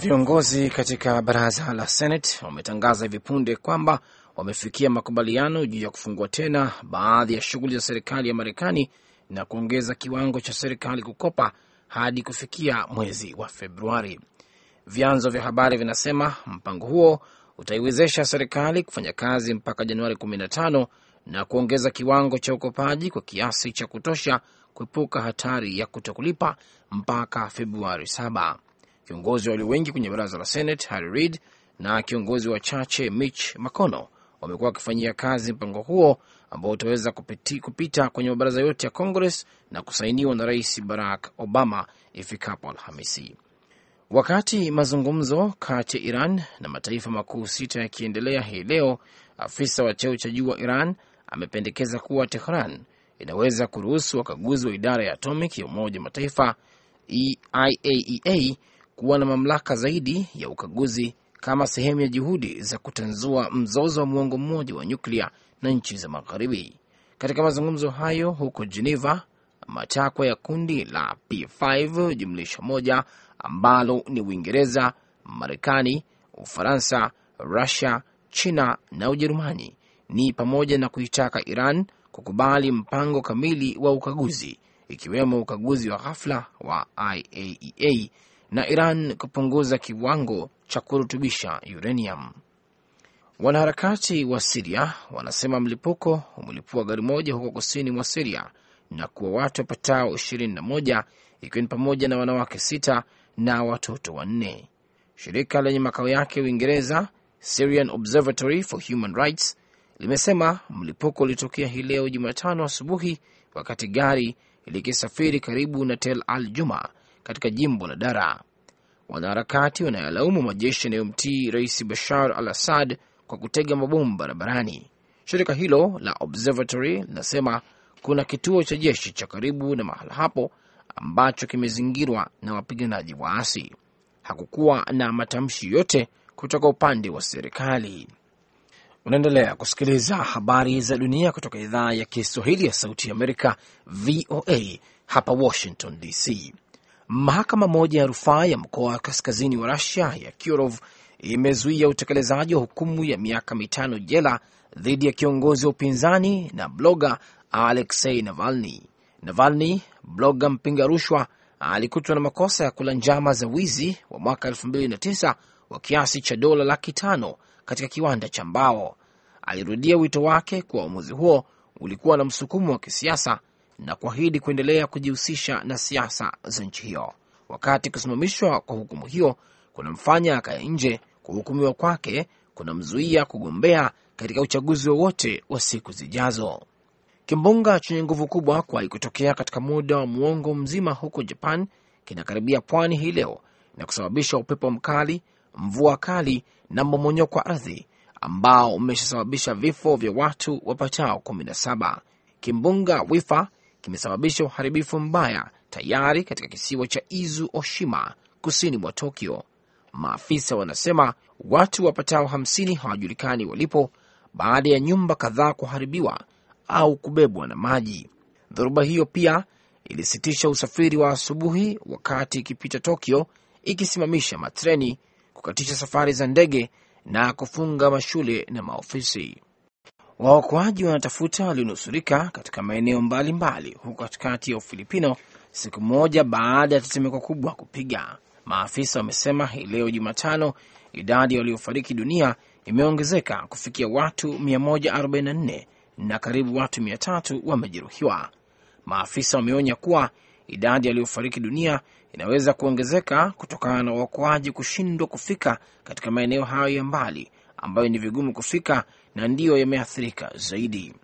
Viongozi katika baraza la Senate wametangaza hivi punde kwamba wamefikia makubaliano juu ya kufungua tena baadhi ya shughuli za serikali ya Marekani na kuongeza kiwango cha serikali kukopa hadi kufikia mwezi wa Februari. Vyanzo vya habari vinasema mpango huo utaiwezesha serikali kufanya kazi mpaka Januari 15 na kuongeza kiwango cha ukopaji kwa kiasi cha kutosha kuepuka hatari ya kutokulipa mpaka Februari Kiongozi wa walio wengi kwenye baraza la Senate Harry Reid na kiongozi wachache Mitch McConnell wamekuwa wakifanyia kazi mpango huo ambao utaweza kupiti, kupita kwenye mabaraza yote ya Congress na kusainiwa na Rais Barack Obama ifikapo Alhamisi. Wakati mazungumzo kati ya Iran na mataifa makuu sita yakiendelea hii leo, afisa wa cheo cha juu wa Iran amependekeza kuwa Tehran inaweza kuruhusu wakaguzi wa idara ya atomic ya Umoja wa Mataifa e IAEA e kuwa na mamlaka zaidi ya ukaguzi kama sehemu ya juhudi za kutanzua mzozo wa muongo mmoja wa nyuklia na nchi za Magharibi. Katika mazungumzo hayo huko Geneva, matakwa ya kundi la P5 jumlisha moja ambalo ni Uingereza, Marekani, Ufaransa, Rusia, China na Ujerumani ni pamoja na kuitaka Iran kukubali mpango kamili wa ukaguzi, ikiwemo ukaguzi wa ghafla wa IAEA e na Iran kupunguza kiwango cha kurutubisha uranium. Wanaharakati wa Siria wanasema mlipuko umelipua gari moja huko kusini mwa Siria na kuwa watu wapatao 21 ikiwa ni pamoja na wanawake sita na watoto wanne. Shirika lenye makao yake Uingereza, Syrian Observatory for Human Rights, limesema mlipuko ulitokea hii leo Jumatano asubuhi wakati gari likisafiri karibu na Tel Al Juma katika jimbo la Dara. Wanaharakati wanayalaumu majeshi yanayomtii Rais Bashar al Assad kwa kutega mabomu barabarani. Shirika hilo la Observatory linasema kuna kituo cha jeshi cha karibu na mahala hapo ambacho kimezingirwa na wapiganaji waasi. Hakukuwa na matamshi yote kutoka upande wa serikali. Unaendelea kusikiliza habari za dunia kutoka idhaa ya Kiswahili ya Sauti ya Amerika, VOA hapa Washington DC. Mahakama moja ya rufaa ya mkoa wa kaskazini wa Rusia ya Kirov imezuia utekelezaji wa hukumu ya miaka mitano jela dhidi ya kiongozi wa upinzani na bloga Alexei Navalny. Navalny, bloga mpinga rushwa, alikutwa na makosa ya kula njama za wizi wa mwaka 2009 wa kiasi cha dola laki tano katika kiwanda cha mbao. Alirudia wito wake kuwa uamuzi huo ulikuwa na msukumo wa kisiasa na kuahidi kuendelea kujihusisha na siasa za nchi hiyo, wakati kusimamishwa kwa hukumu hiyo kunamfanya akaye nje. Kuhukumiwa kwake kunamzuia kugombea katika uchaguzi wowote wa, siku zijazo. Kimbunga chenye nguvu kubwa kuwahi kutokea katika muda wa muongo mzima huko Japan kinakaribia pwani hii leo na kusababisha upepo mkali, mvua kali na mmomonyoko wa ardhi ambao umeshasababisha vifo vya watu wapatao 17. Kimbunga Wifa kimesababisha uharibifu mbaya tayari katika kisiwa cha Izu Oshima kusini mwa Tokyo. Maafisa wanasema watu wapatao hamsini hawajulikani walipo baada ya nyumba kadhaa kuharibiwa au kubebwa na maji. Dhoruba hiyo pia ilisitisha usafiri wa asubuhi wakati ikipita Tokyo, ikisimamisha matreni, kukatisha safari za ndege na kufunga mashule na maofisi. Waokoaji wanatafuta walionusurika katika maeneo mbalimbali huko katikati ya Ufilipino siku moja baada ya tetemeko kubwa kupiga. Maafisa wamesema hii leo Jumatano idadi waliofariki dunia imeongezeka kufikia watu 144 na karibu watu 300 wamejeruhiwa. Maafisa wameonya kuwa idadi waliofariki dunia inaweza kuongezeka kutokana na waokoaji kushindwa kufika katika maeneo hayo ya mbali ambayo ni vigumu kufika na ndiyo yameathirika zaidi.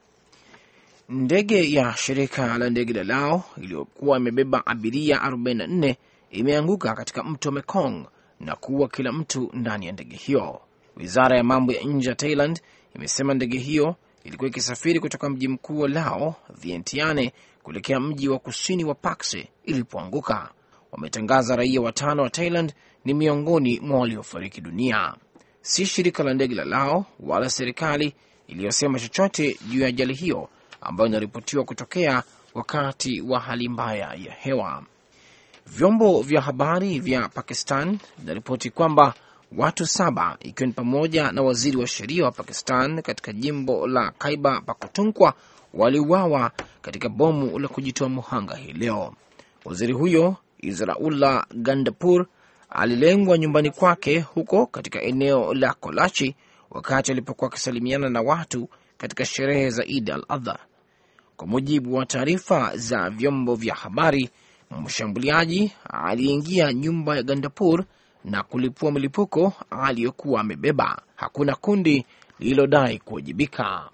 Ndege ya shirika la ndege la Lao iliyokuwa imebeba abiria 44 imeanguka katika mto Mekong na kuua kila mtu ndani ya ndege hiyo. Wizara ya mambo ya nje ya Thailand imesema ndege hiyo ilikuwa ikisafiri kutoka mji mkuu wa Lao, Vientiane, kuelekea mji wa kusini wa Pakse ilipoanguka. Wametangaza raia watano wa Thailand ni miongoni mwa waliofariki dunia si shirika la ndege la Lao wala serikali iliyosema chochote juu ya ajali hiyo ambayo inaripotiwa kutokea wakati wa hali mbaya ya hewa. Vyombo vya habari vya Pakistan vinaripoti kwamba watu saba ikiwa ni pamoja na waziri wa sheria wa Pakistan katika jimbo la Kaiba Pakutunkwa waliuawa katika bomu la kujitoa muhanga hii leo. Waziri huyo israullah Gandapur alilengwa nyumbani kwake huko katika eneo la Kolachi wakati alipokuwa akisalimiana na watu katika sherehe za Id al-Adha. Kwa mujibu wa taarifa za vyombo vya habari, mshambuliaji aliingia nyumba ya Gandapur na kulipua milipuko aliyokuwa amebeba. Hakuna kundi lililodai kuwajibika.